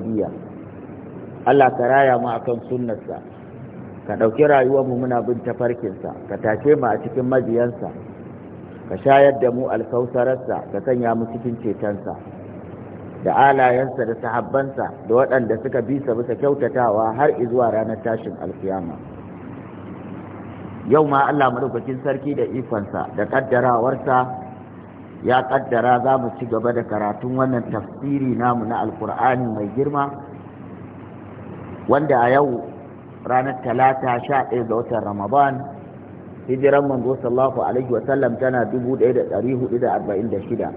biya Allah ka raya mu akan sunnarsa ka ɗauki rayuwarmu muna bin tafarkinsa ka tace mu a cikin majiyansa ka shayar da mu alkausararsa ka sanya mu cikin cetonsa da alayensa da sahabbansa da waɗanda suka bi sa bisa kyautatawa har izuwa ranar tashin alkiyama yau ma Allah madaukakin sarki da ikonsa da kaddarawarsa ya kaddara za mu ci gaba da karatun wannan tafsiri namu na alkur'ani mai girma wanda a yau ranar talata sha ɗaya ga watan ramadan hijiran manzo Sallahu alaihi wa sallam tana dubu ɗaya da ɗari hudu da arba'in da shida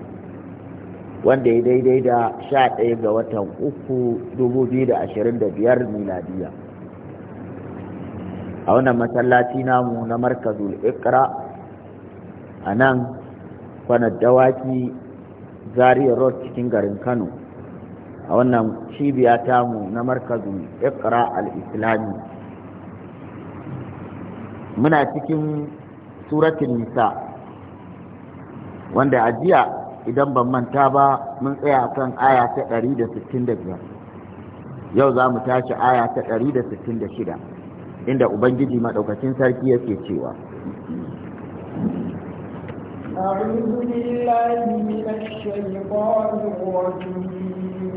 wanda ya daidai da sha ɗaya ga watan uku dubu biyu da ashirin da biyar miladiya a wannan masallaci namu na markazul ikra a nan kwanar dawaki zariya road cikin garin kano a wannan cibiya tamu na markazin ikra al-islami muna cikin suratun nisa wanda a jiya idan ban manta ba mun tsaya kan aya ta 165 yau za mu tashi aya ta 166 inda ubangiji maɗaukacin sarki yake cewa أعوذ بالله من الشيطان الرجيم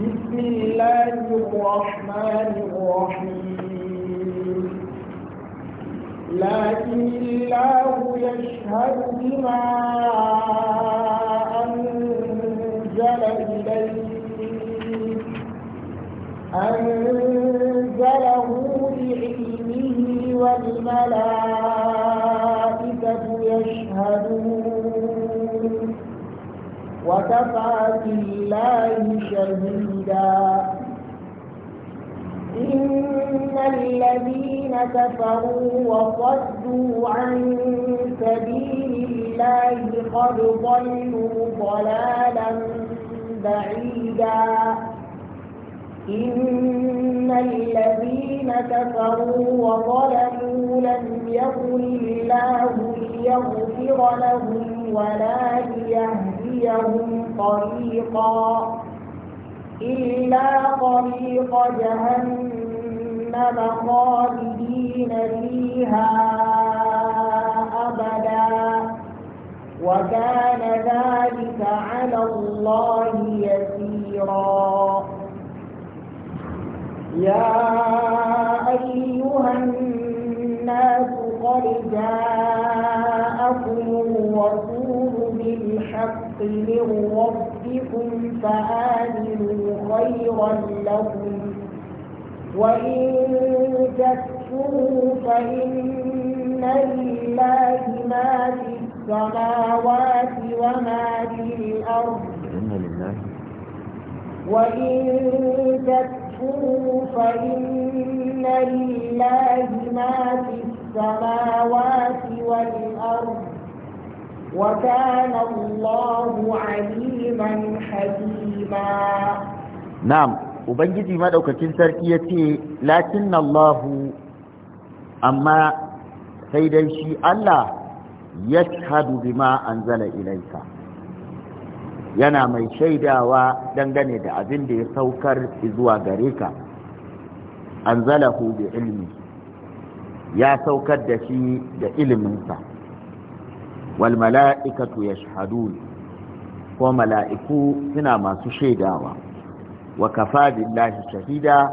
بسم الله الرحمن الرحيم لكن الله يشهد بما أنزل إليك أنزله بعلمه والملائكة وكفى بالله شهيدا إن الذين كفروا وصدوا عن سبيل الله قد ضلوا ضلالا بعيدا إن الذين كفروا وظلموا لم يكن الله ليغفر لهم ولا ليهديهم طريقا إلا طريق جهنم خالدين فيها أبدا وكان ذلك على الله يسيرا يا أيها الناس قد جاءكم الرسول بالحق من ربكم فآمنوا خيرا لكم وإن تكفروا فإن لله ما في السماوات وما في الأرض وإن تكفروا تكفروا فإن لله ما في السماوات والأرض وكان الله عليما حكيما نعم Ubangiji maɗaukakin sarki ya ce, Lakin Allahu, amma sai dai shi Allah ya shahadu bima an zala ilaika. yana mai shaidawa dangane da abin da ya saukar zuwa gare ka an zalahu bi ilimi, ya saukar da shi da iliminsa wal mala'ikatu yashhadun ko mala'iku suna masu shaidawa wa kafa billahi shahida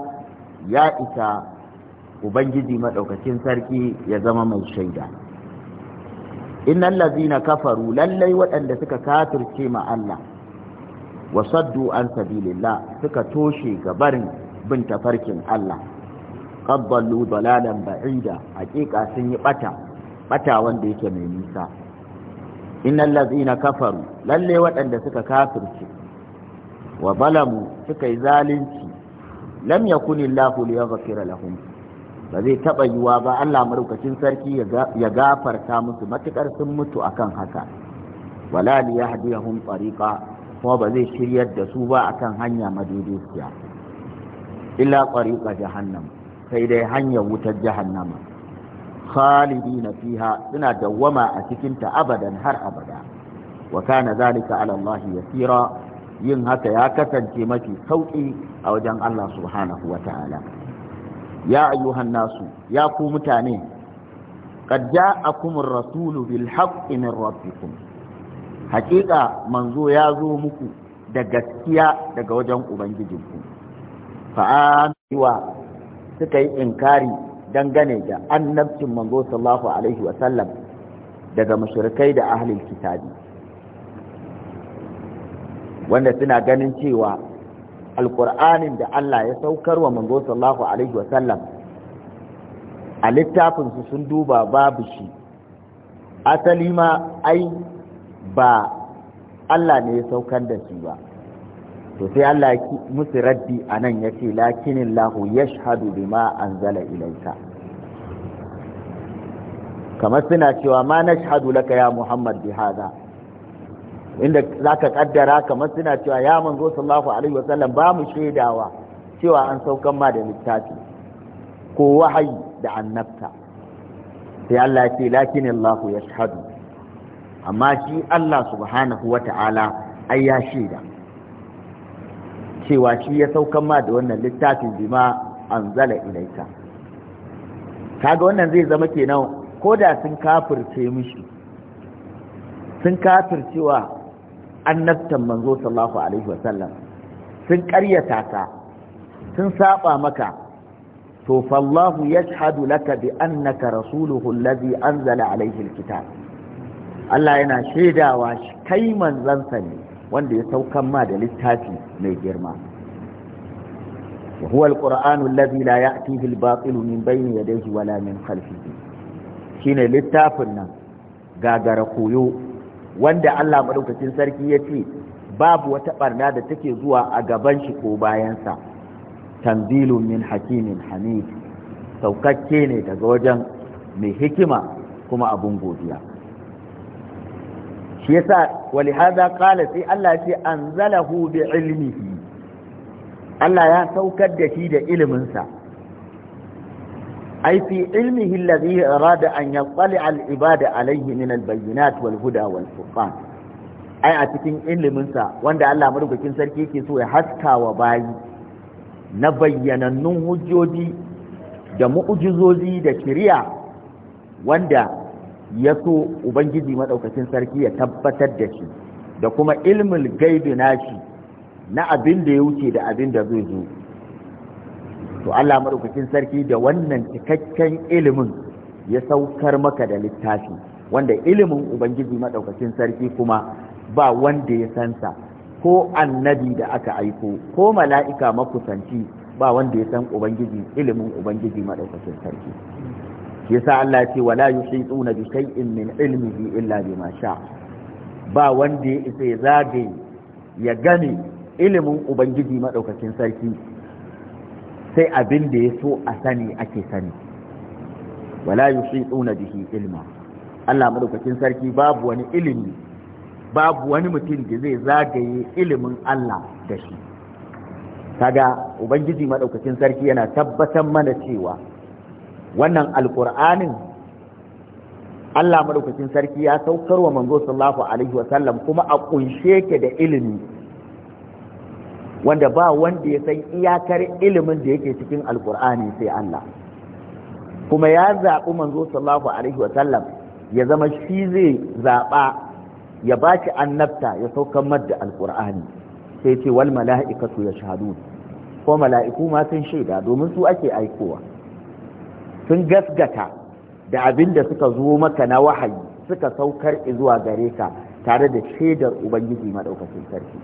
ya isa ubangiji maɗaukacin sarki ya zama mai shaida innan lazina kafaru lallai waɗanda suka kafirce ma Allah wasaddu an sabilillah suka toshe gabar bin tafarkin Allah qad dallu dalalan ba'ida hakika sun yi bata bata wanda yake mai nisa innal ladzina kafaru lalle waɗanda suka kafirce wa balamu suka yi zalunci lam yakunillahu liyaghfira lahum ba zai taɓa yiwa ba Allah marukacin sarki ya gafarta musu matuƙar sun mutu akan haka wala li yahdiyahum tariqa kuma ba zai shiryar da su ba akan hanya madaidaiciya illa ƙwariƙa jahannam sai dai hanyar wutar jahannama na fiha suna dawwama a cikinta abadan har abada wa kana zalika ala Allah yasira yin haka ya kasance mafi kauƙi a wajen Allah subhanahu wa ta'ala ya ayyuhan nasu ya ku mutane qad ja'akumur rasulu bil haqqi min rabbikum haƙiƙa manzo ya zo muku da gaskiya daga wajen ubangijinku fa'amiwa suka yi inkari dangane da annabcin manzo sallallahu alaihi wasallam daga mashirkai da ahli kitabi wanda suna ganin cewa alkur'anin da Allah ya saukar wa manzo sallallahu alaihi wasallam a littafinsu sun duba babu shi asali ma ai ba Allah ne ya saukar da shi ba to sai Allah ya musu raddi a nan ya ce lakinin lahu ya shahadu bima anzala ilaika kamar suna cewa ma na shahadu laka ya muhammad bi hada inda za ka kaddara kamar suna cewa ya manzo sallallahu alaihi wasallam ba mu shaidawa cewa an saukan ma da littafi ko wahayi da annabta sai Allah ya ce lakinin lahu ya shahadu amma shi Allah subhanahu wa ta'ala ai ya cewa shi ya saukan ma da wannan littafin an zala ilaika kaga wannan zai zama kenan ko da sun kafirce mishi sun kafircewa annabtan manzo sallallahu alaihi wa sallam sun ƙaryata ka sun saba maka to fallahu yashhadu laka bi annaka rasuluhu allazi anzala alaihi alkitab Allah yana shaidawa shi kai manzansa ne wanda ya saukan ma da littafi mai girma wa huwa alqur'anu alladhi la ya'tihi al-batilu min bayni yadayhi wala min khalfihi shine littafin nan gagara koyo wanda Allah madaukakin sarki ya ce babu wata barna da take zuwa a gaban shi ko bayansa tanzilun min hakimin hamid saukakke ne daga wajen mai hikima kuma abun godiya shi yasa wali hada qala sai Allah ya ce anzalahu bi ilmihi Allah ya saukar da shi da iliminsa ai fi ilmihi alladhi arada an yattali al ibada alayhi min al bayyinat wal huda wal furqan ai a cikin iliminsa wanda Allah madaukakin sarki yake so ya haska wa bayi na bayyanannun hujjoji da mu'jizozi da kiriya wanda ya so ubangiji maɗaukacin sarki ya tabbatar da shi da kuma ilmin gaibi na shi na abin da ya wuce da abin da zai zo to Allah maɗaukacin sarki da wannan cikakken ilimin ya saukar maka da littafi wanda ilimin ubangiji madaukakin sarki kuma ba wanda ya sansa ko annabi da aka aiko ko mala'ika makusanci ba wanda ya san ubangiji ilimin ubangiji maɗaukacin sarki yasa Allah ya ce wala yuhituna bi shay'in min ilmihi illa bima sha ba wanda ya isa ya zagaye ya gane ilimin ubangiji madaukakin sarki sai abin da ya so a sani ake sani wala yuhituna bihi ilma Allah madaukakin sarki babu wani ilimi babu wani mutum da zai zagaye ilimin Allah da shi kaga ubangiji madaukakin sarki yana tabbatar mana cewa wannan alkur'anin Allah madaukakin sarki ya saukar wa manzo sallallahu alaihi wasallam kuma a kunshe ke da ilimi wanda ba wanda ya san iyakar ilimin da yake cikin alkur'ani sai Allah kuma ya zaɓi manzo sallallahu alaihi wasallam ya zama shi zai zaɓa ya ba shi annabta ya saukar madda alkur'ani sai ce wal mala'ikatu ya shahadu ko mala'iku ma sun shaida domin su ake aikowa sun gaskata da abin da suka zo maka na wahayi suka saukar zuwa gare ka tare da shaidar ubangiji maɗaukacin sarki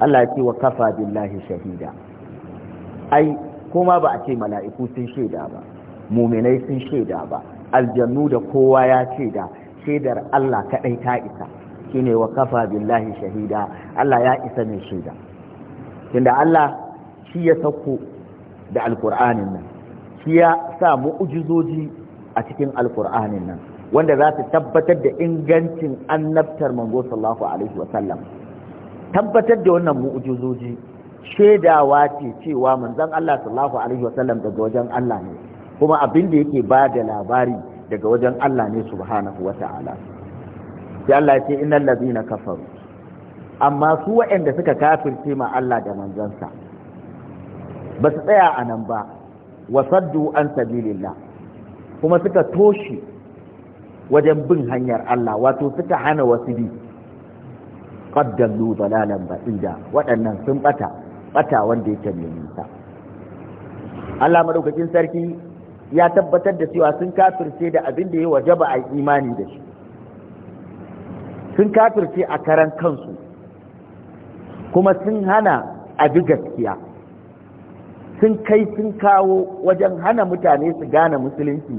Allah ya ce wa kafa billahi shahida ai kuma ba a ce mala'iku sun shaida ba muminai sun shaida ba aljannu da kowa ya shaida shaidar Allah kaɗai ta isa shine wa kafa billahi shahida Allah ya isa mai shaida tunda Allah shi ya sauko da alkur'anin nan shi ya sa mu'ujizoji a cikin alkur'anin nan wanda za su tabbatar da ingancin annabtar manzo sallallahu alaihi wa sallam tabbatar da wannan mu'ujizoji shaidawa ce cewa manzon Allah sallallahu alaihi wa sallam daga wajen Allah ne kuma abin da yake ba da labari daga wajen Allah ne subhanahu wa ta'ala sai Allah ya ce innal ladina kafaru amma su waɗanda suka kafirce ma Allah da manzansa ba su tsaya a nan ba Wasaddu saddu an sabilillah kuma suka toshe wajen bin hanyar Allah wato suka hana wasu bi qaddallu dalalan ba'ida waɗannan sun bata bata wanda yake mai nisa Allah madaukakin sarki ya tabbatar da cewa sun kafirce da abin da ya wajaba a imani da shi sun kafirce a karan kansu kuma sun hana a bi gaskiya sun kai sun kawo wajen hana mutane su gane musulunci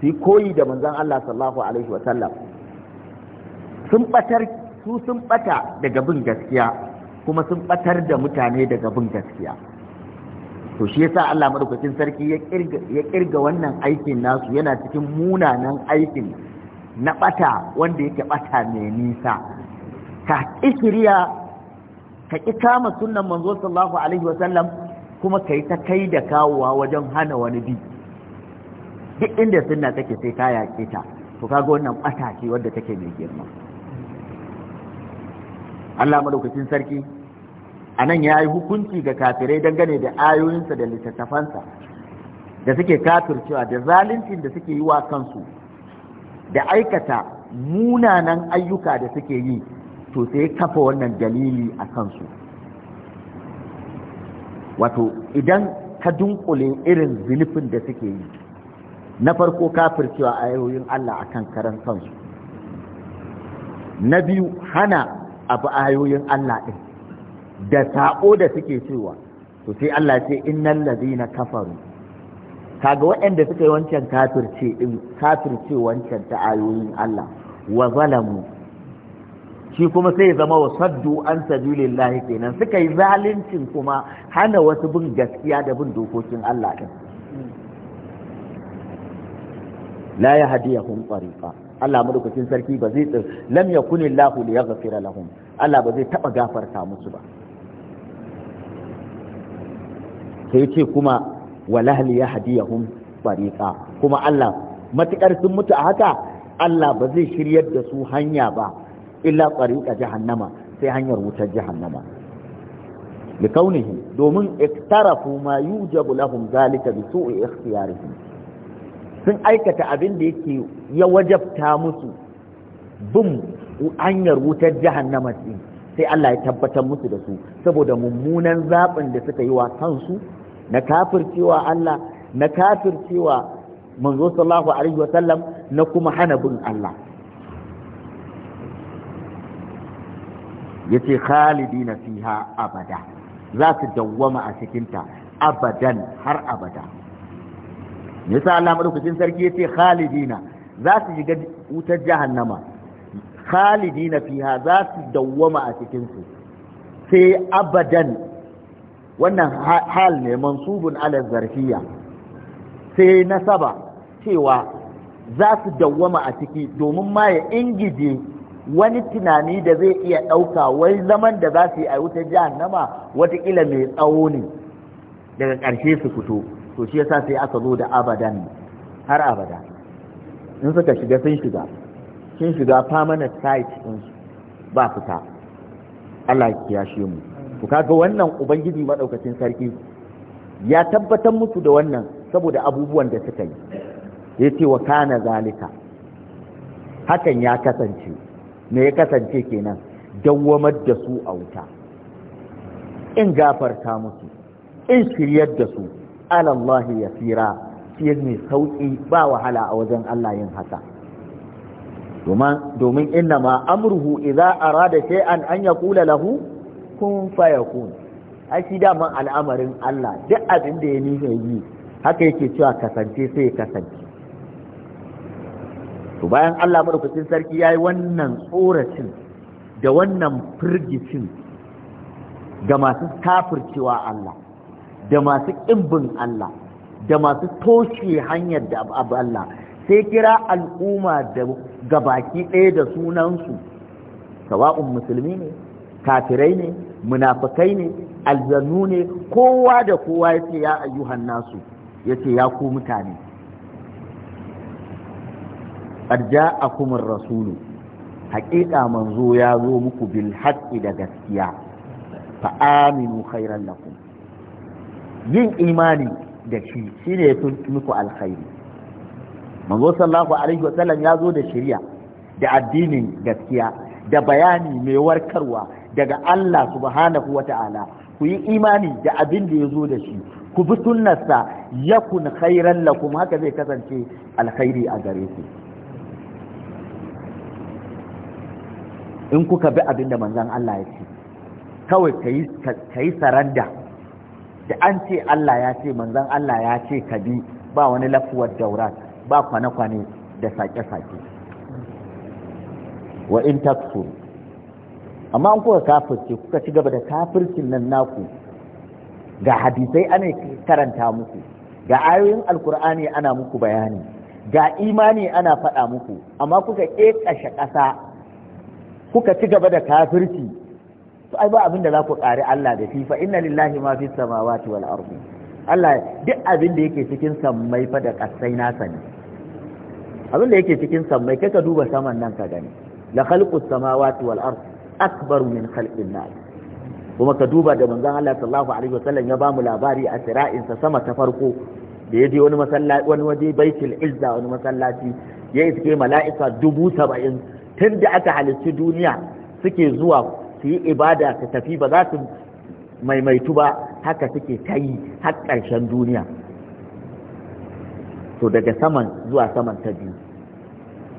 su yi koyi da manzon Allah sallallahu alaihi wasallam sun batar su sun bata daga bin gaskiya kuma sun batar da mutane daga bin gaskiya to shi yasa Allah madaukakin sarki ya kirga wannan aikin nasu yana cikin munanan aikin na bata wanda yake bata mai nisa ka ƙi ka ƙi kama sunnan manzo sallallahu alaihi wasallam kuma ka yi ta kai da kawowa wajen hana wani bi duk inda suna take sai ka yaƙe ta to kaga wannan ɓata ce wadda take mai girma Allah madaukakin sarki a nan ya yi hukunci ga kafirai dangane da ayoyinsa da littattafansa da suke cewa da zaluncin da suke yi wa kansu da aikata munanan ayyuka da suke yi to sai kafa wannan dalili a kansu wato idan ka dunkule irin zunufin da suke yi na farko kafircewa ayoyin Allah akan karan kansu na biyu hana abu ayoyin Allah ɗin da saƙo da suke cewa to sai Allah ce innal ladina kafaru kaga waɗanda suka yi wancan kafirce din kafirce wancan ta ayoyin Allah wa zalamu shi kuma sai ya zama wa saddu an lillahi kenan suka yi zaluncin kuma hana wasu bin gaskiya da bin dokokin Allah din la yahdihum tsarifa Allah madaukakin sarki ba zai lam yakunillahu liyaghfira lahum Allah ba zai taba gafarta musu ba sai ce kuma walahli ya hadiyahum tsarifa kuma Allah matukar sun mutu a haka Allah ba zai shiryar da su hanya ba illa tsariƙa jahannama sai hanyar wutar jahannama li kaunihi domin iktarafu ma yujabu lahum zalika bi su'i ikhtiyarihim sun aikata abin da yake ya wajabta musu bin hanyar wutar jahannama din sai Allah ya tabbatar musu da su saboda mummunan zaɓin da suka yi wa kansu na kafircewa Allah na kafircewa manzo sallallahu alaihi sallam, na kuma hana bin Allah yace khalidina fiha abada za su dawwama a cikinta abadan har abada yasa Allah madaukakin sarki yace khalidina za su shiga wutar jahannama khalidina fiha za su dawwama a cikinsu sai abadan wannan hal ne mansubun ala zarfiya sai nasaba cewa za su dawwama a ciki domin ma ya ingije wani tunani da zai iya ɗauka wai zaman da za su yi a wutar jahannama watakila mai tsawo ne daga ƙarshe su fito to shi yasa sai aka zo da abadan har abada in suka shiga sun shiga sun shiga permanent site din ba fita Allah ya kiyashe mu to kaga wannan ubangiji madaukakin sarki ya tabbatar musu da wannan saboda abubuwan da suka yi yace wa kana zalika hakan ya kasance me ya kasance kenan dawwamar da su a wuta in gafarta musu in shiryar da su alallahi yasira shi ne sauƙi ba wahala a wajen Allah yin haka domin inna ma amruhu idza arada shay'an an yaqula lahu kun fayakun ai shi daman al'amarin Allah duk abin da ya nufi yi haka yake cewa kasance sai kasance to bayan Allah madaukakin sarki yayi wannan tsoracin da wannan firgicin ga masu kafircewa Allah da masu ƙimbin Allah da masu toshe hanyar da abu Allah sai kira al'umma da baki ɗaya da sunansu sawa'un musulmi ne kafirai ne munafukai ne aljannu ne kowa da kowa ya ce ya ayyuhan nasu ya ce ya ku mutane qad a ar rasulu, haƙiƙa manzo ya zo muku bil haqqi da gaskiya fa aminu khairan lakum yin imani da shi shine ya muku alkhairi manzo sallallahu alaihi wa sallam ya zo da shari'a da addinin gaskiya da bayani mai warkarwa daga Allah subhanahu wa ta'ala ku yi imani da abin da ya zo da shi ku bi sunnarsa yakun khairan lakum haka zai kasance alkhairi a gare ku in kuka bi abin da manzan Allah ya ce kawai ka yi saranda da an ce Allah ya ce manzan Allah ya ce ka bi ba wani lafuwar daura ba kwane-kwane da sake-sake wa in taksu amma an kuka kafirce kuka ci gaba da kafircin nan naku ga hadisai ana karanta muku ga ayoyin alkur'ani ana muku bayani ga imani ana faɗa muku amma kuka ƙeƙashe ƙasa kuka ci gaba da kafirci to ai ba abin da za ku ƙari Allah da shi fa inna lillahi ma fi samawati wal ardi Allah duk abin da yake cikin sammai fa da kasai nasa ne abin da yake cikin sammai kai ka duba saman nan ka gani la khalqus samawati wal ardi akbaru min khalqin nas kuma ka duba da manzon Allah sallallahu alaihi wasallam ya bamu labari a sira'in sa sama ta farko da ya je wani masallaci wani waje baitul izza wani masallaci ya iske mala'ika dubu saba'in tun da aka halicci duniya suke zuwa su yi ibada su tafi ba za su maimaitu ba haka suke ta yi har ƙarshen duniya to daga saman zuwa saman ta biyu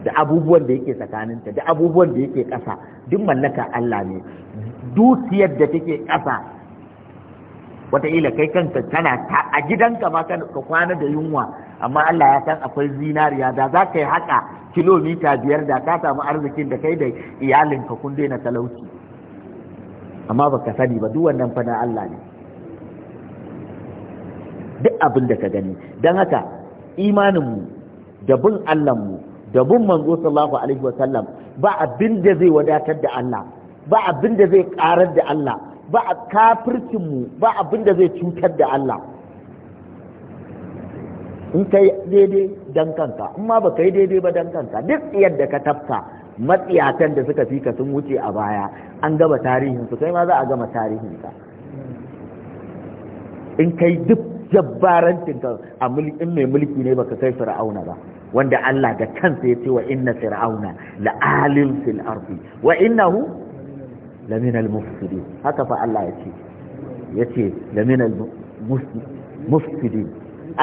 da abubuwan da yake tsakaninta da abubuwan da yake ƙasa duk mallaka Allah ne dukiyar da take ƙasa wataƙila kai kanka tana ta a gidanka ma ka kwana da yunwa amma Allah ya san akwai zinariya da za ka yi haka kilomita biyar da ka samu arzikin da kai da iyalinka kun daina talauci amma ba ka sani ba duk wannan fa na Allah ne duk abin da ka gani don haka imaninmu da bin Allahnmu da bin manzo sallallahu alaihi wa sallam ba abin da zai wadatar da Allah ba abin da zai karar da Allah ba kafircinmu ba abin da zai cutar da Allah in ka yi daidai dan kanka in ma baka yi daidai ba dan kanka duk yadda ka tafka matsiyatan da suka fi ka sun wuce a baya an gaba tarihin su kai ma za a gama tarihin ka in kai duk jabbarancin ka a mulkin mai mulki ne baka kai fir'auna ba wanda Allah da kansa ya ce wa inna fir'auna alim fil ardi wa innahu min al-mufsidin haka fa Allah ya ce yace min al-mufsidin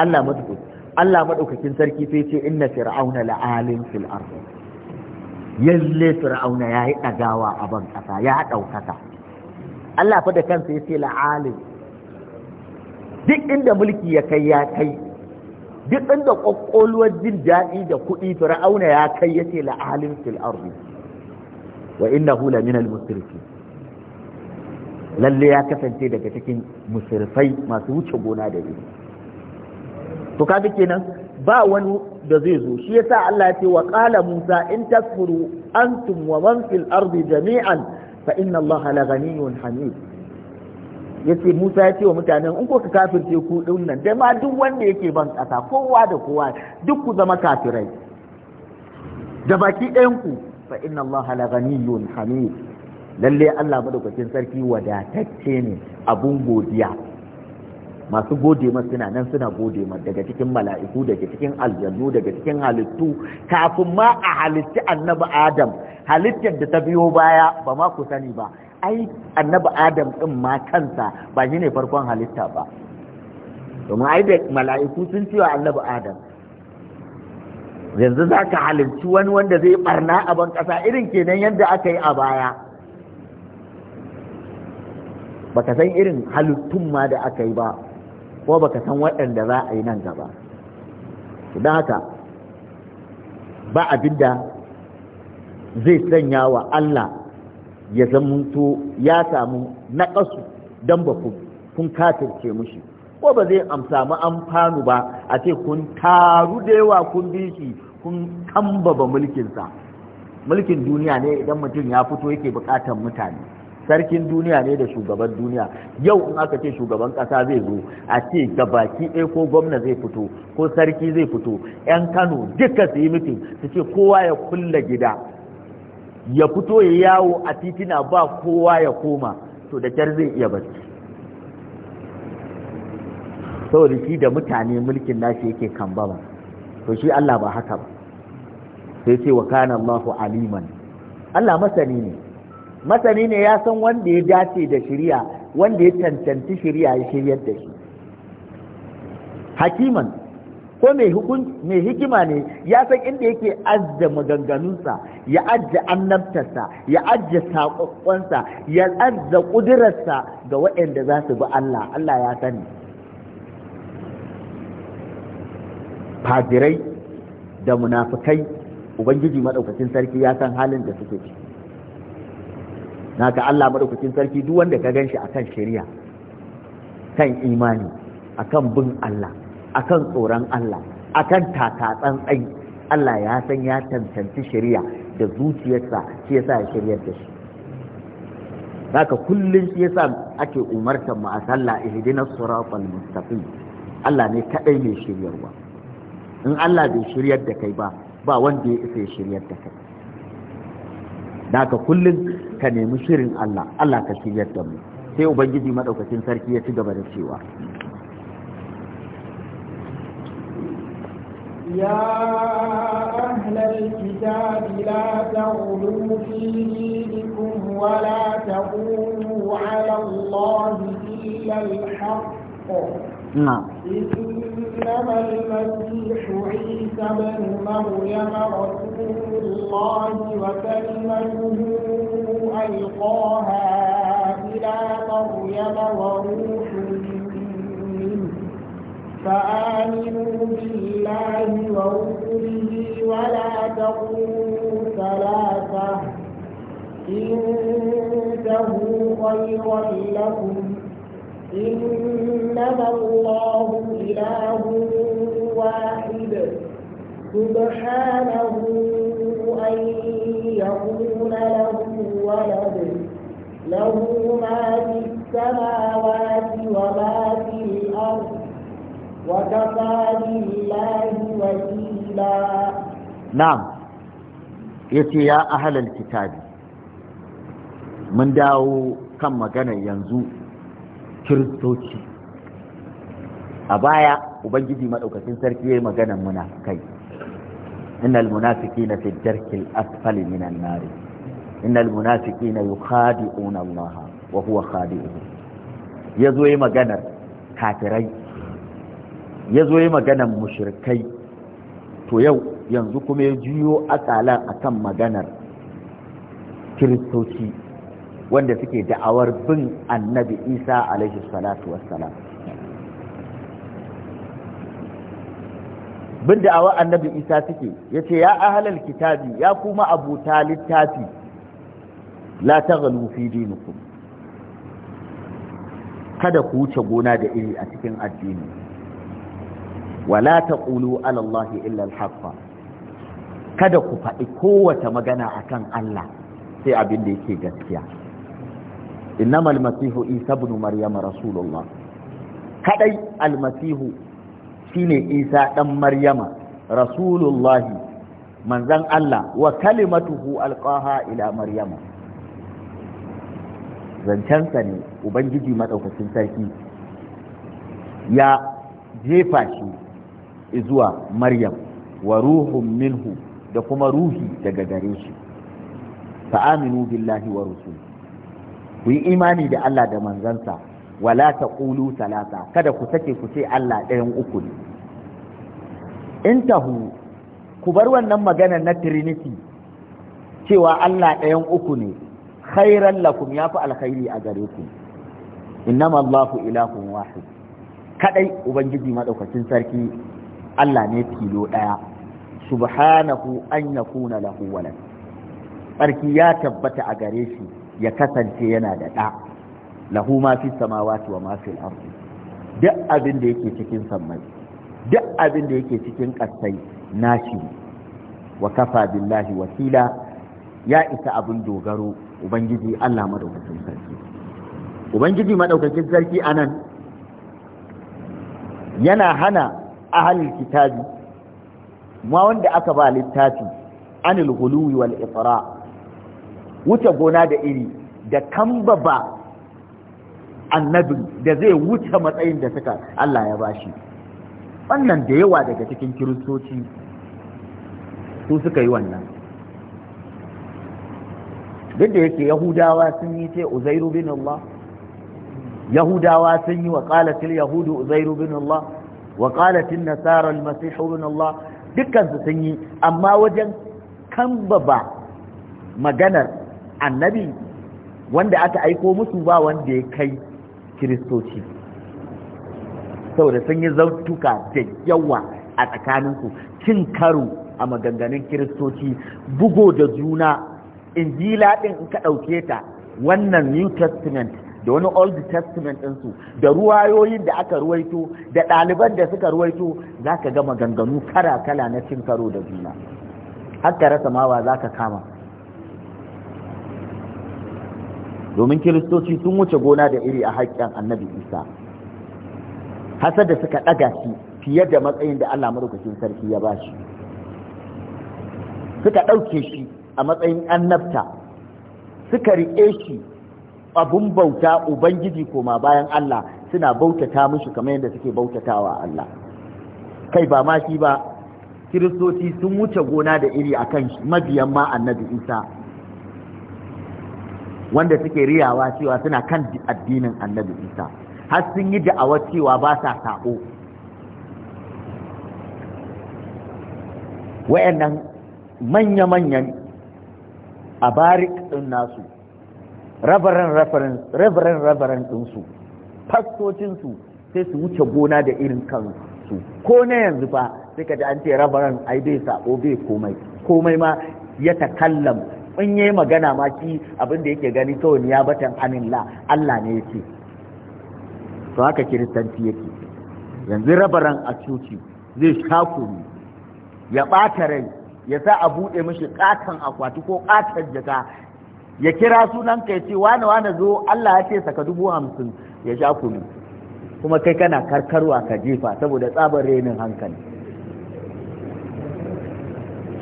Allah mutukuci Allah maɗaukakin sarki sai ce inna fir'auna la'alin fil ardi yalle fir'auna ya yi dagawa a ban kasa ya daukaka Allah fa da kansa ya ce duk inda mulki ya kai ya kai duk inda kokkolwar jin daɗi da kuɗi fir'auna ya kai ya ce la'alim fil ardi wa innahu la min al lalle ya kasance daga cikin musirfai masu wuce gona da iri to kaga kenan ba wani da zai zo shi yasa Allah ya ce wa qala Musa in tasfuru antum wa man fil ardi jami'an fa inna Allah la ghaniyyun hamid yace Musa ya ce wa mutanen in ko ka kafirce ku din nan da ma duk wanda yake ban kasa kowa da kowa duk ku zama kafirai da baki ɗayan ku fa inna Allah la ghaniyyun hamid lalle Allah madaukakin sarki wadatacce ne abun godiya masu gode ma suna nan suna gode ma daga cikin mala'iku daga cikin aljannu daga cikin halittu kafin ma a halitti annabi adam halittar da ta biyo baya ba ma ku sani ba ai annabi adam din ma kansa ba shi ne farkon halitta ba domin ai da mala'iku sun ciwa annabi adam yanzu za ka wani wanda zai barna a ban kasa irin kenan yadda aka yi a baya baka san irin halittun ma da aka yi ba ko baka san waɗanda za a yi nan gaba don haka ba abin da zai sanya wa Allah ya zamanto ya samu ƙasu don ba kun katirce mushi ko ba zai samu amfanu ba a ce kun taru da yawa kun bi shi kun kambaba mulkinsa mulkin duniya ne idan mutum ya fito yake buƙatar mutane sarkin duniya ne da shugaban duniya yau in aka ce shugaban ƙasa zai zo a ce gabaki ɗaya ko gwamna zai fito ko sarki zai fito 'yan kano duka su yi mutum su ce kowa ya kulla gida ya fito ya yawo a titina ba kowa ya koma to da kyar zai iya barci saboda shi da mutane mulkin nashi yake kan ba to shi Allah ba haka ba sai ce wa kana Allahu aliman Allah masani ne masani ne ya san wanda ya dace da shirya wanda ya cancanci shirya ya shiryar da shi hakiman ko mai hikima ne ya san inda yake ajiye maganganunsa ya ajje annabtarsa ya ajiye saƙonsa ya ajiye ƙudurarsa ga waɗanda za su bi Allah Allah ya sani fadirai da munafukai ubangiji maɗaukacin sarki ya san halin da suke ciki naka Allah madaukakin sarki duk wanda ka ganshi akan shari'a kan imani akan bin Allah akan tsoron Allah akan takatsan tsayi Allah ya san ya tantanci shari'a da zuciyarsa shi yasa ya shari'ar da shi haka kullum shi yasa ake umartar mu a sallah ihdina siratal mustaqim Allah ne kadai mai shiryarwa in Allah bai shiryar da kai ba ba wanda ya isa ya shiryar da kai haka kullum ka nemi shirin Allah Allah ka shiryar da mu sai ubangiji maɗaukacin sarki ya ci gaba da cewa يا أهل الكتاب لا تغلوا في دينكم ولا تقولوا على الله إلا الحق نعم إنما المسيح عيسى بن مريم رسول الله وكلمته ألقاها إلى مريم وروح منه فآمنوا بالله ورسله ولا تقولوا ثلاثة إنتهوا خيرا لكم إنما الله إله واحد سبحانه أن يكون له ولد له ما في السماوات وما في الأرض وكفى بالله وكيلا نعم يتي يا أهل الكتاب من داو كم magana ينزو kiristoci a baya ubangiji maɗaukacin sarki ya yi maganan munafikai innal na fi darkil asfali minan nar innal munafiqina yukhadi'una Allah wa huwa khadi'uhum yazo yi maganar kafirai yazo yi maganar mushrikai to yau yanzu kuma ya juyo a kan maganar kiristoci wanda suke da'awar bin annabi isa alaihi salatu wassalam bin da'awar annabi isa suke ya ce ya ahalar kitabi ya kuma abuta littafi la ta fi dinukum kada ku wuce gona da iri a cikin addini wala ta ƙulu alallahi illa alhaqqa kada ku faɗi kowace magana akan Allah sai abin da yake gaskiya innamal masihu isa ibn Maryama rasulullah kadai almasihu shine isa ɗan maryama rasulullah manzan Allah wa kalimatuhu alqaha ila maryama zancensa ne ubangiji madaukakin sarki ya jefa shi zuwa maryam wa ruhun minhu da kuma ruhi daga gare shi fa aminu billahi wa rusuli ku yi imani da Allah da manzansa wala taqulu salasa kada ku sake ku ce Allah ɗayan uku ne intahu ku bar wannan magana na trinity cewa Allah ɗayan uku ne khairan lakum yafi alkhairi a gare ku innama Allahu ilahun wahid kadai ubangiji madaukakin sarki Allah ne tilo ɗaya subhanahu an yakuna lahu walad sarki ya tabbata a gare shi ya kasance yana da ɗa lahu ma fi samawati wa ma fil ardi duk abin da yake cikin sammai duk abin da yake cikin ƙasai nashi wa kafa billahi wakila ya isa abin dogaro ubangiji Allah madaukakin sarki ubangiji madaukakin sarki anan yana hana ahalin kitabi ma wanda aka ba littafi anil ghuluwi wal itra wuce gona da iri da kambaba annabin da zai wuce matsayin da suka Allah ya bashi wannan da yawa daga cikin kiristoci su suka yi wannan duk da yake yahudawa sun yi ce uzairu bin Allah yahudawa sun yi wa qalatil yahudu uzairu bin Allah wa qalatil nasara al-masih bin Allah dukkan su sun yi amma wajen kambaba maganar annabi wanda aka aiko musu ba wanda ya kai kiristoci saboda sun yi zautuka da yawa a tsakaninku cin karo a maganganun kiristoci bugo da juna injila ɗin in ka ɗauke ta wannan new testament da wani old testament ɗinsu da ruwayoyin da aka ruwaito da ɗaliban da suka ruwaito za ka ga maganganu kala-kala na cin karo da juna har ka rasa mawa za ka kama domin kiristoci sun wuce gona da iri a haƙƙin annabi isa hasar da suka ɗaga shi fiye da matsayin da allah marukacin sarki ya ba shi suka ɗauke shi a matsayin annabta suka riƙe shi abun bauta ubangiji koma bayan allah suna bautata mushi kamar yadda suke bautatawa allah kai ba ma shi ba kiristoci sun wuce gona da iri a kan mabiyan ma annabi isa wanda suke riyawa cewa suna kan addinin annabi isa har sun yi da'awa cewa ba sa saƙo wayannan manya-manyan a barik ɗin nasu rabarin-rabarin ɗinsu fastocinsu sai su wuce gona da irin kansu ko na yanzu fa sai ka ji an ce rabarin ai bai saƙo bai komai komai ma ya takallam in yi magana ma shi abin da yake gani kawai ya batan la, Allah ne yake to haka kiristanci yake yanzu rabaran a cuci zai shaku ne ya ɓata rai ya sa a buɗe mishi ƙaton akwati ko ƙaton jaka ya kira sunan ka ya ce wane wane zo Allah ya ce saka dubu hamsin ya sha kunu kuma kai kana karkarwa ka jefa saboda tsabar renin hankali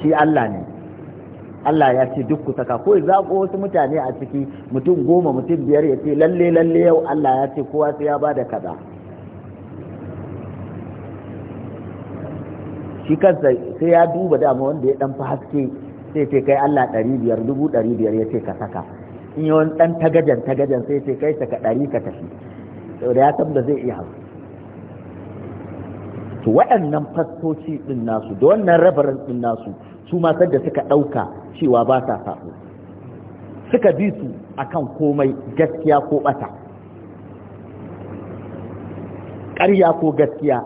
shi Allah ne Allah ya ce duk ku saka ko zaɓo wasu mutane a ciki mutum goma mutum biyar ya ce lalle lalle yau Allah ya ce kowa sai ya ba da kaza shi kansa sai ya duba dama wanda ya dan fi haske sai ce kai Allah ɗari biyar dubu ɗari biyar ya ce ka saka in yi wani ɗan tagajen tagajen sai ce kai saka ɗari ka tafi saboda ya san da zai iya hau to waɗannan fastoci ɗin nasu da wannan rabarin ɗin nasu su ma da suka ɗauka cewa ba sa sako suka bi su akan komai gaskiya ko bata ƙarya ko gaskiya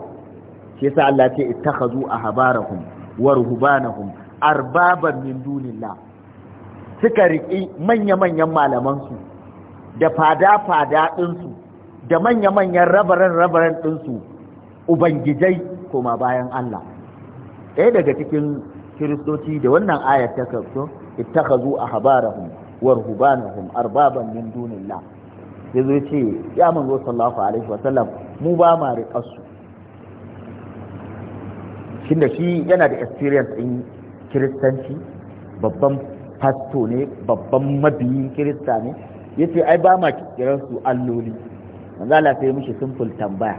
shi yasa Allah ce ittakhazu ahbarahum wa ruhbanahum arbaban min dunillah suka riƙi manya-manyan malamansu da fada-fada ɗinsu da manya-manyan rabaran-rabaran ɗinsu ubangijai koma bayan Allah ɗaya daga cikin kiristoci da wannan ayar ta kafto ittakhadhu ahbarahum wa ruhbanahum arbaban min dunillah yazo yace ya manzo sallallahu alaihi wa sallam mu ba ma riƙasu shin da shi yana da experience in kiristanci babban pasto ne babban mabiyin kirista ne yace ai ba ma su alloli manzo Allah sai mishi simple tambaya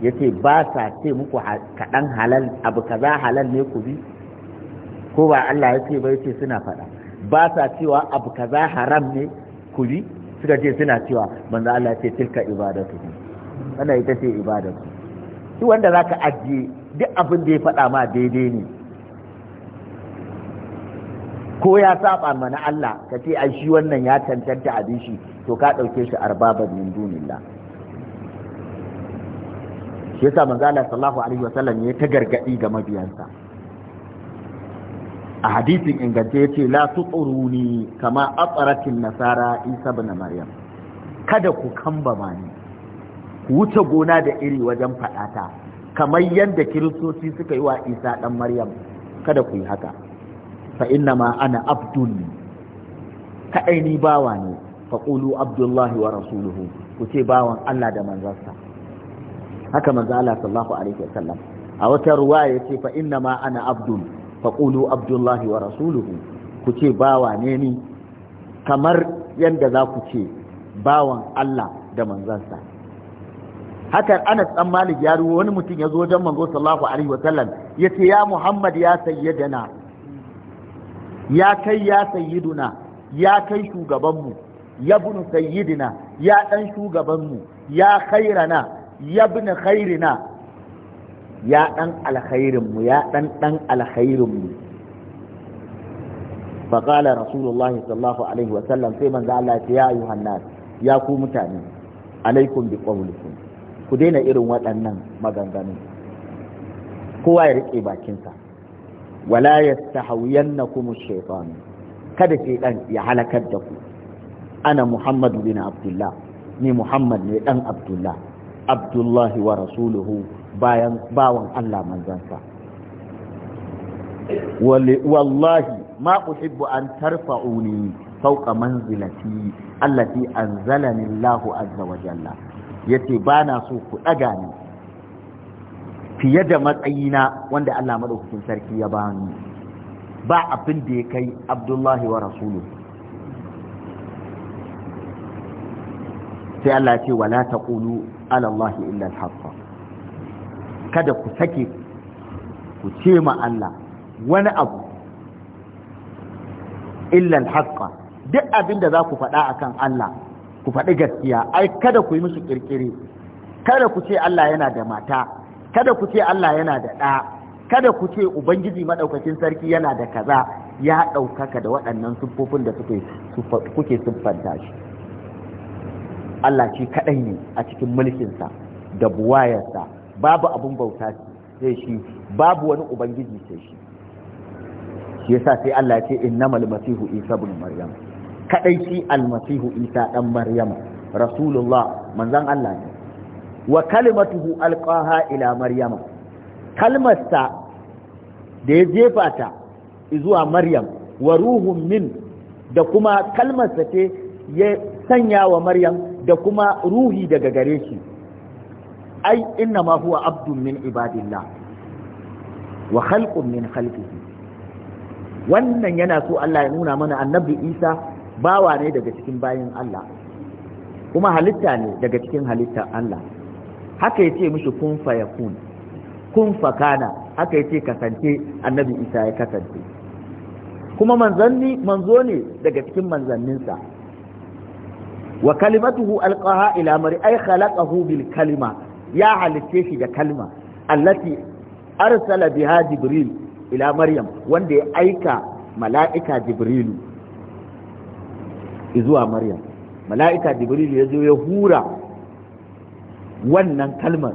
yace ba sa ce muku kaɗan halal abu kaza halal ne ku bi ko ba Allah ya ce ba ce suna faɗa ba sa cewa abu kaza haram ne ku bi suka ce suna cewa manzo Allah ya ce tilka ibadatu wannan ita ce ibadatu shi wanda zaka ajiye duk abin da ya faɗa ma daidai ne ko ya saba mana Allah ka ce ai shi wannan ya cancanta abin shi to ka ɗauke shi arbabar min dunillah shi yasa manzo Allah sallallahu alaihi wasallam ya ta gargadi ga mabiyansa a hadisin ingance ya ce la tuquruni kama atsaratin nasara isa bin maryam kada ku kambama ni ku wuce gona da iri wajen faɗata kamar yadda kiristoci suka yi wa isa ɗan maryam kada ku yi haka fa inna ma ana abdun kaɗai ni bawa ne fa ƙulu abdullahi wa rasuluhu ku ce bawan allah da manzansa haka manzo allah sallallahu alaihi wasallam a wata ruwa ya ce fa inna ma ana abdun faƙulu abdullahi wa rasuluhu ku ce bawa ne ni kamar yadda za ku ce bawan Allah da manzansa haka anas dan malik ya ruwa wani mutum ya zo wajen manzo sallallahu alaihi wa sallam ya ce ya muhammad ya sayyidana ya kai ya sayyiduna ya kai shugabanmu ya bunu sayyidina ya dan shugabanmu ya khairana ya bin khairina ya ɗan alkhairin mu ya ɗan ɗan alkhairin mu fa rasulullahi sallallahu alaihi sai manzo Allah ya ya ayuhan nas ya ku mutane alaikum bi qawlikum ku daina irin waɗannan maganganu kowa ya rike bakinsa wala yastahawiyannakum ash-shaytan kada shaytan ya halakar da ku ana muhammadu bin abdullah ni muhammad ne dan abdullah abdullahi wa rasuluhu bayan bawan Allah manzansa wallahi ma uhibbu an tarfa'uni fawqa manzilati allati anzalani Allahu azza wa jalla yace bana so ku daga ni fiye da matsayina wanda Allah madaukakin sarki ya bani ba abin da ya kai Abdullahi wa rasuluhu sai Allah ce wala taqulu ala Allah illa al kada ku sake ku ce ma Allah wani abu illal haqqa duk abin da za ku faɗa akan Allah ku faɗi gaskiya ai kada ku yi musu kirkire kada ku ce Allah yana da mata kada ku ce Allah yana da ɗa kada ku ce ubangiji maɗaukakin sarki yana da kaza ya ɗaukaka da waɗannan siffofin da suke kuke siffanta shi Allah shi kaɗai ne a cikin mulkinsa da buwayarsa babu abun bauta sai shi babu wani ubangiji sai shi shi yasa sai Allah ya ce innamal masihu isa ibn maryam kadai shi almasihu isa dan maryam rasulullah manzon Allah ne wa kalimatuhu alqaha ila maryam kalmarsa da ya jefa ta zuwa maryam wa ruhun min da kuma kalmarsa ce ya sanya wa maryam da kuma ruhi daga gare shi ai inna ma huwa abdun min ibadillah wa khalqun min wannan yana so Allah ya nuna mana annabi Isa bawa ne daga cikin bayin Allah kuma halitta ne daga cikin halittar Allah haka yace mishi kun fayakun kun kana, haka yace kasance annabi Isa ya kasance kuma manzanni manzo ne daga cikin manzanninsa wa kalimatuhu alqaha ila mari ay khalaqahu bil kalima ya halitte shi da kalma allati arsala biha jibril ila maryam wanda ya aika mala'ika jibrilu zuwa maryam mala'ika jibrilu ya zo ya hura wannan kalmar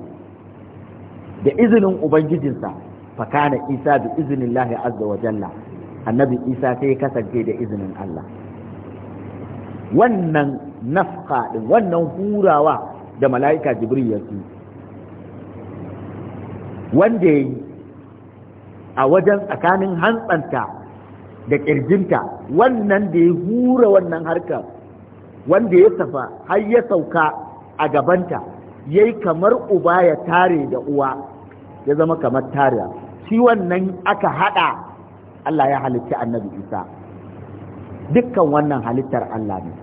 da izinin ubangijinsa fakana isa bi izinin lahi azza wa jalla annabi isa sai ya kasance da izinin allah wannan nafka din wannan hurawa da mala'ika jibril ya wanda ya yi a wajen tsakanin hantsanta da ƙirjinta wannan da ya hura wannan harkar wanda ya safa har ya sauka a gabanta ya yi kamar uba ya tare da uwa ya zama kamar tare shi wannan aka haɗa Allah ya halitta annabi isa dukkan wannan halittar Allah ne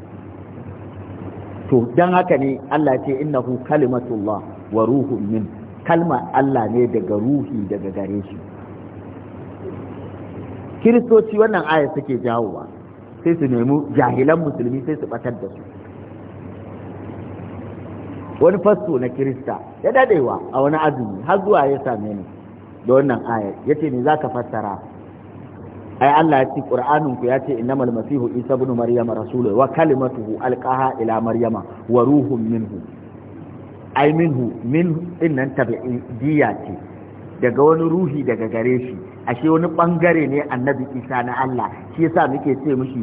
to don haka ne Allah ce innahu kalimatullah wa ruhun min Kalmar Allah ne daga ruhi daga gare shi kiristoci wannan aya suke jawowa sai su nemi jahilan musulmi sai su batar da su wani fasto na kirista ya dadewa a wani azumi har zuwa ya same ni da wannan aya yace za ka fassara ai Allah ya ce Qur'anin ku ya ce innamal masihu isa ibn maryama rasulun wa kalimatuhu alqaha ila maryama wa ruhun minhu ai minhu min din nan tabi'iyya ce daga wani ruhi daga gare shi ashe wani bangare ne annabi isa na Allah shi yasa muke ce mishi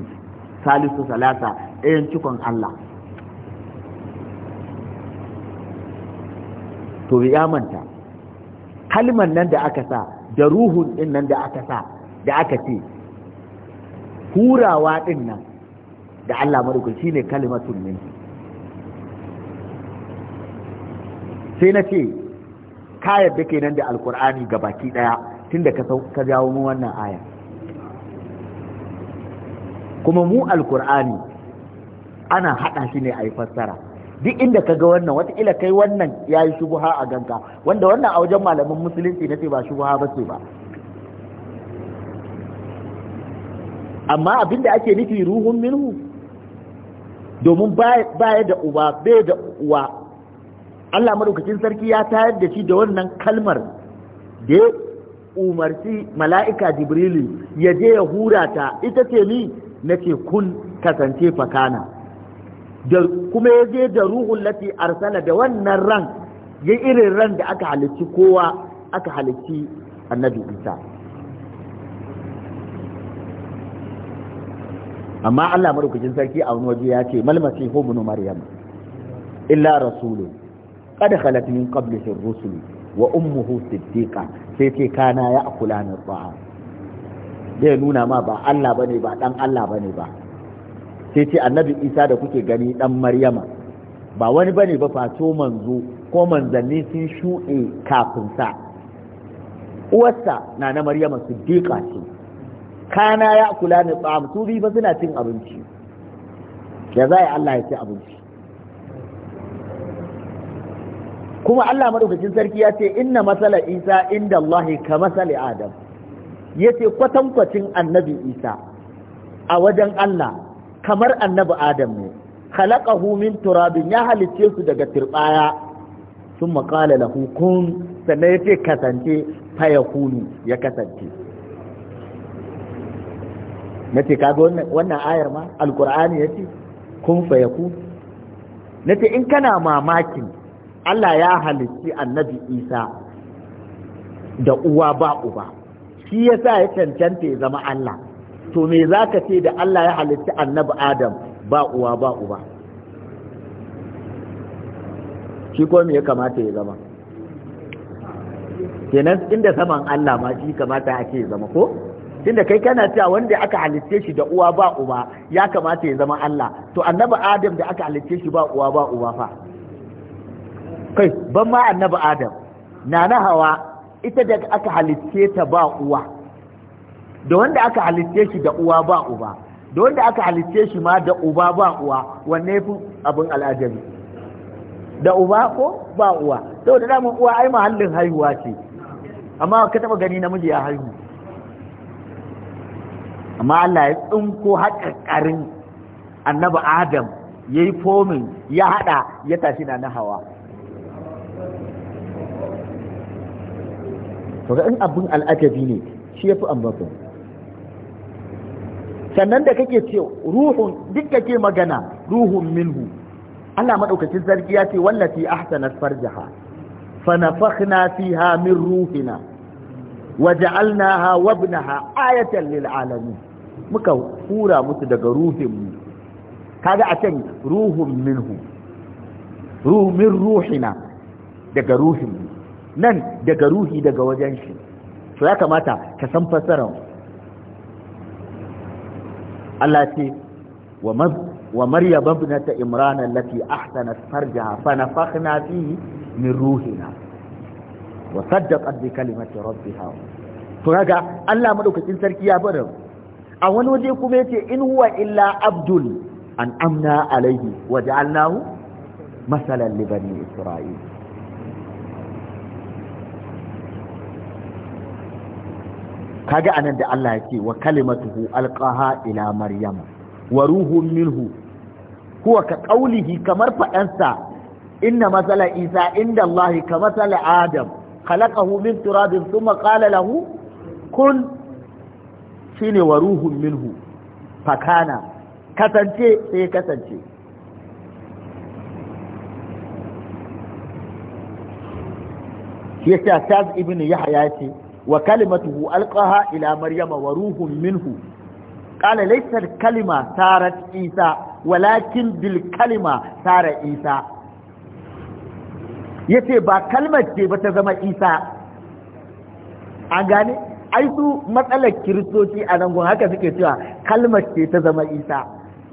salisu salasa ɗayan cikon Allah to ya manta kalman nan da aka sa da ruhun din nan da aka sa da aka ce hurawa din nan da Allah madaukaki shine kalimatun minhu sai na ce ka yadda nan da alkur'ani ga baki daya tun da ka jawo mu wannan aya kuma mu alkur'ani ana hada shi ne a yi fassara duk inda ka ga wannan wataƙila kai wannan ya yi shubuha a ganka wanda wannan a wajen malamin musulunci na ce ba shubuha ba ce ba amma abin da ake nufi ruhun minhu domin baya da uba bai da uwa Allah madaukakin sarki ya tayar da shi da wannan kalmar da ya umarci mala'ika jibrilu ya je ya hura ta ita ce ni na ce kun kasance fakana da kuma ya je da ruhun lati arsala da wannan ran ya irin ran da aka halicci kowa aka halicci annabi isa amma Allah madaukakin sarki a wani waje ya ce malmasi ibn maryam illa rasulun Kada khalat min qablihi ar wa ummuhu siddiqa sai ce kana ya akula na ta'a zai nuna ma ba Allah bane ba dan Allah bane ba sai ce annabi Isa da kuke gani dan Maryama ba wani bane ba fato manzo ko manzanni sun shuɗe kafin sa uwarsa na na Maryama siddiqa ce kana ya akula na ta'a su bi ba suna cin abinci da za Allah ya ci abinci kuma Allah madaukakin sarki ya ce inna masala isa inda Allah ka masali adam ya ce kwatankwacin annabi isa a wajen Allah kamar annabi adam ne khalaqahu min turabin ya halicce su daga turbaya sun maƙala lahu kun sannan ya ce kasance fayakunu ya kasance na ce kaga wannan ayar ma alkur'ani ya ce kun fayakunu na ce in kana mamakin Allah ya halitti annabi Isa da uwa ba uba shi yasa ya cancanta ya zama Allah to me za ka ce da Allah ya halitti annabi Adam ba uwa ba uba shi ko me ya kamata ya zama kenan inda saman Allah ma shi kamata ake zama ko tunda kai kana cewa wanda aka halitte shi da uwa ba uba ya kamata ya zama Allah to annabi Adam da aka halitte shi ba uwa ba uba fa kai ban ma annabi adam na na hawa ita da aka halitce ta ba uwa da wanda aka halitce shi da uwa ba uba da wanda aka halitce shi ma da uba ba uwa wanne fi abin al'ajabi da uba ko ba uwa saboda da uwa ai mahallin haihuwa ce amma ka taba gani namiji ya haihu amma Allah ya tsinko haƙaƙarin annabi adam ya yi fomin ya haɗa ya tashi na na hawa to in abin al'ajabi ne shi yafi ambaton sannan da kake ce ruhun duk kake magana ruhun minhu Allah madaukakin sarki ya ce wallati ahsanat farjaha fa nafakhna fiha min ruhina waja'alnaha wabnaha ayatan lil alamin muka hura musu daga ruhinmu kaga a can ruhun minhu min ruhina daga ruhinmu nan daga ruhi daga wajen shi to ya kamata ka san fassara Allah ce wa marya ibnata imran allati ahsanat farjaha fa nafakhna fihi min ruhina wa saddaqat bi kalimati rabbiha to kaga Allah madaukakin sarki ya bada a wani waje kuma yace in huwa illa abdul an amna alaihi wa ja'alnahu masalan li bani isra'il kaga anan da Allah yake wa kalimatuhu alqaha ila maryam wa ruhun minhu huwa ka qaulihi kamar fadansa inna masala isa inda Allah ka masala adam khalaqahu min turabin thumma qala lahu kun shine wa ruhun minhu fakana kasance sai kasance yasa ibn Yahya ce wa kalimatuhu alqaha ila maryama wa ruhun minhu qala laysa kalima sarat isa walakin bil kalima sara isa yace ba kalmar ce ba ta zama isa an gane ai su matsalar kiristoci a nan gun haka suke cewa kalmar ce ta zama isa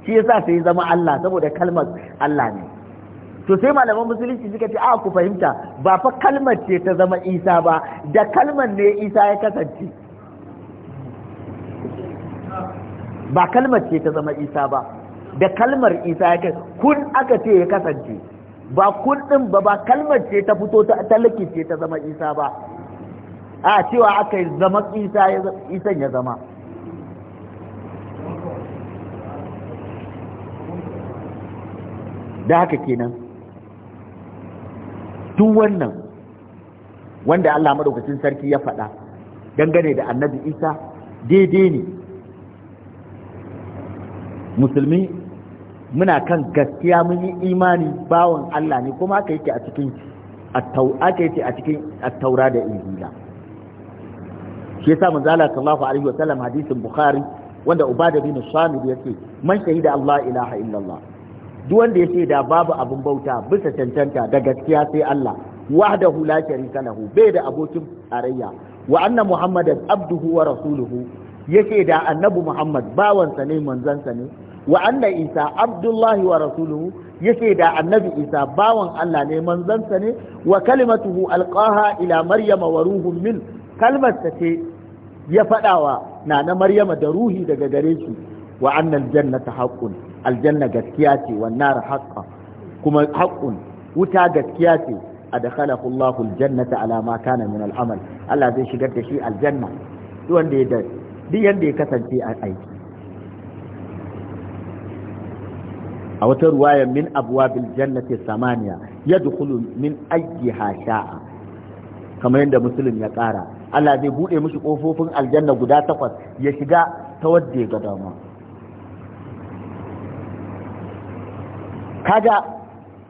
shi yasa sai zama Allah saboda kalmar Allah ne to sai malaman musulunci suka ce a ku fahimta ba fa kalmar ce ta zama isa ba da kalmar ne isa ya kasance ba kalmar ce ta zama isa ba da kalmar isa ya kasance kun aka ce ya kasance ba kun din ba ba kalmar ce ta fito ta ce ta zama isa ba a cewa aka yi zama isa isan ya zama da haka kenan duk wannan wanda Allah madaukakin sarki ya faɗa dangane da annabi isa daidai ne musulmi muna kan gaskiya mun yi imani bawan Allah ne kuma aka yake a cikin aka yake a cikin attaura da injila shi yasa manzala sallallahu alaihi wa sallam hadisin bukhari wanda ubada bin shamid yake man shahida Allah ilaha illallah duk wanda ya ce da babu abin bauta bisa cancanta da gaskiya sai Allah wahdahu la sharika lahu bai da abokin tarayya wa anna muhammadan abduhu wa rasuluhu yake da annabi muhammad bawansa ne manzansa ne wa anna isa abdullahi wa rasuluhu yake da annabi isa bawan Allah ne manzansa ne wa kalimatuhu alqaha ila maryama wa ruhun min kalmarsa ce ya faɗawa na na maryama da ruhi daga gare shi wa annal jannata haqqun aljanna gaskiya ce wannan haƙa kuma haƙun wuta gaskiya ce a Allahu aljannata ala ma kana min al'amal Allah zai shigar da shi aljanna duk wanda ya duk yanda ya kasance a aiki a wata ruwaya min abwabil jannati samaniya yadkhulu min ayyiha sha'a kamar yadda musulun ya kara Allah zai bude mishi kofofin aljanna guda takwas ya shiga ta wadda ya ga dama kaga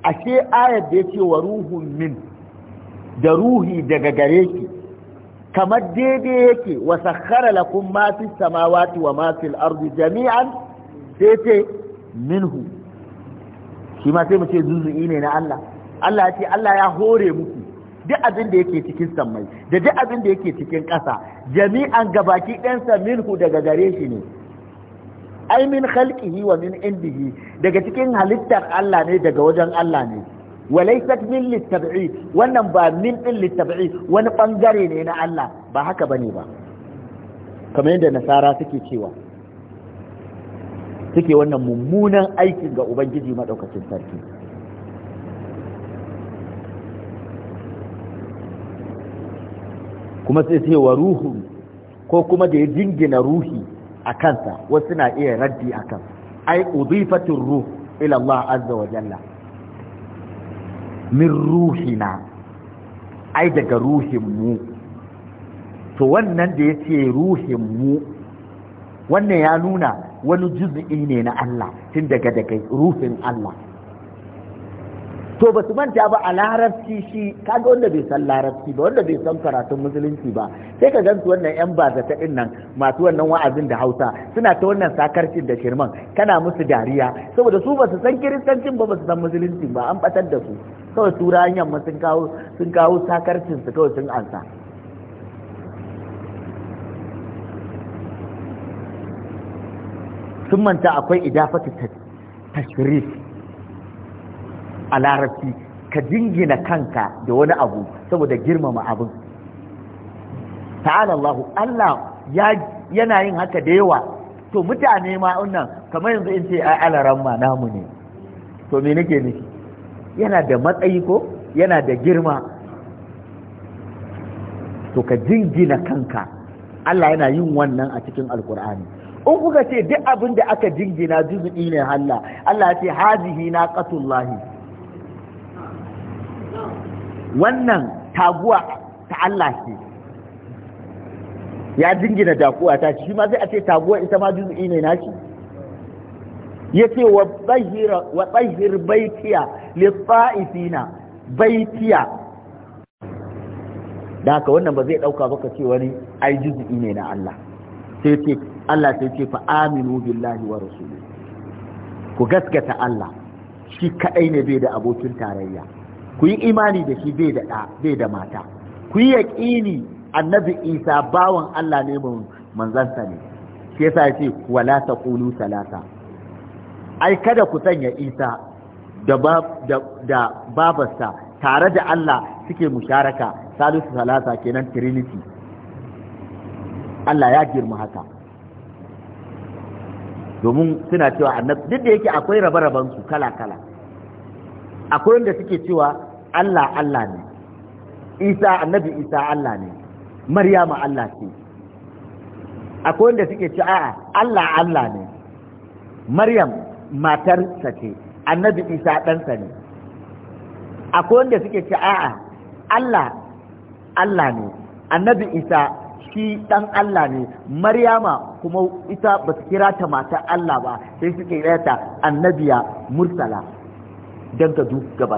ashe ayar da yake wa ruhun min da ruhi daga gare ki kamar daidai yake wa sakhara lakum ma fi samawati wa ma al ardi jami'an sai ce minhu shi ma sai mu ce zuzu'i ne na Allah Allah ya ce Allah ya hore muku duk abin da yake cikin sammai da duk abin da yake cikin ƙasa jami'an gabaki ɗansa minhu daga gare shi ne ai min khalqihi wa min indihi daga cikin halittar Allah ne daga wajen Allah ne walaysat min litab'i wannan ba min din wani bangare ne na Allah ba haka bane ba kamar yadda nasara suke cewa suke wannan mummunan aikin ga ubangiji madaukakin sarki kuma sai sai wa ruhu ko kuma da ya jingina ruhi a kansa wasu na iya raddi a kan ai udifatin ruh ila Allah azza wa jalla min ruhina ai daga ruhin mu to wannan da yace ruhin mu wannan ya nuna wani juz'i ne na Allah tun daga daga ruhin Allah to ba su manta ba a larabci shi kaga wanda bai san larabci ba wanda bai san karatun musulunci ba sai ka gansu wannan yan bazata din nan masu wannan wa'azin da hausa suna ta wannan sakarcin da shirman kana musu dariya saboda su ba su san kiristancin ba ba su san musulunci ba an batar da su kawai turawan yamma sun kawo sun sakarcin su kawai sun ansa sun manta akwai idafatu tashrif a larabci ka jingina kanka da wani abu saboda girmama abin ta'ala Allah Allah ya yana yin haka da yawa to mutane ma wannan kamar yanzu in ce ai alaran ma namu ne to me nake nufi yana da matsayi ko yana da girma to ka jingina kanka Allah yana yin wannan a cikin alkur'ani in kuka ce duk abin da aka jingina juzu'i ne Allah Allah ya ce hazihi naqatullahi wannan taguwa ta Allah ce ya jingina dakuwa ta shi ma zai a ce taguwa ita ma juzu'i ne na shi ya ce wa tsahir baitiya lissa'ifina baitiya da haka wannan ba zai ɗauka baka ce wani ai juzu'i ne na Allah sai ce Allah sai ce fa aminu billahi wa rasuluhu ku gaskata Allah shi kadai ne bai da abokin tarayya ku yi imani da shi bai da bai da mata ku yi yaqini annabi Isa bawan Allah ne mun manzansa ne shi yasa yace wala taqulu salasa ai kada ku sanya Isa da da babarsa tare da Allah suke musharaka salisu salasa kenan trinity Allah ya girma haka domin suna cewa annabi duk da yake akwai rabe-raben kala-kala akwai wanda suke cewa Allah Allah ne Isa annabi Isa Allah ne Maryama Allah ce akwai wanda suke cewa a'a Allah Allah ne Maryam matar ce annabi Isa ɗansa ne akwai wanda suke cewa a'a Allah Allah ne annabi Isa shi ɗan Allah ne Maryama kuma ita ba su kira ta mata Allah ba sai suke kira ta annabiya mursala duk gaba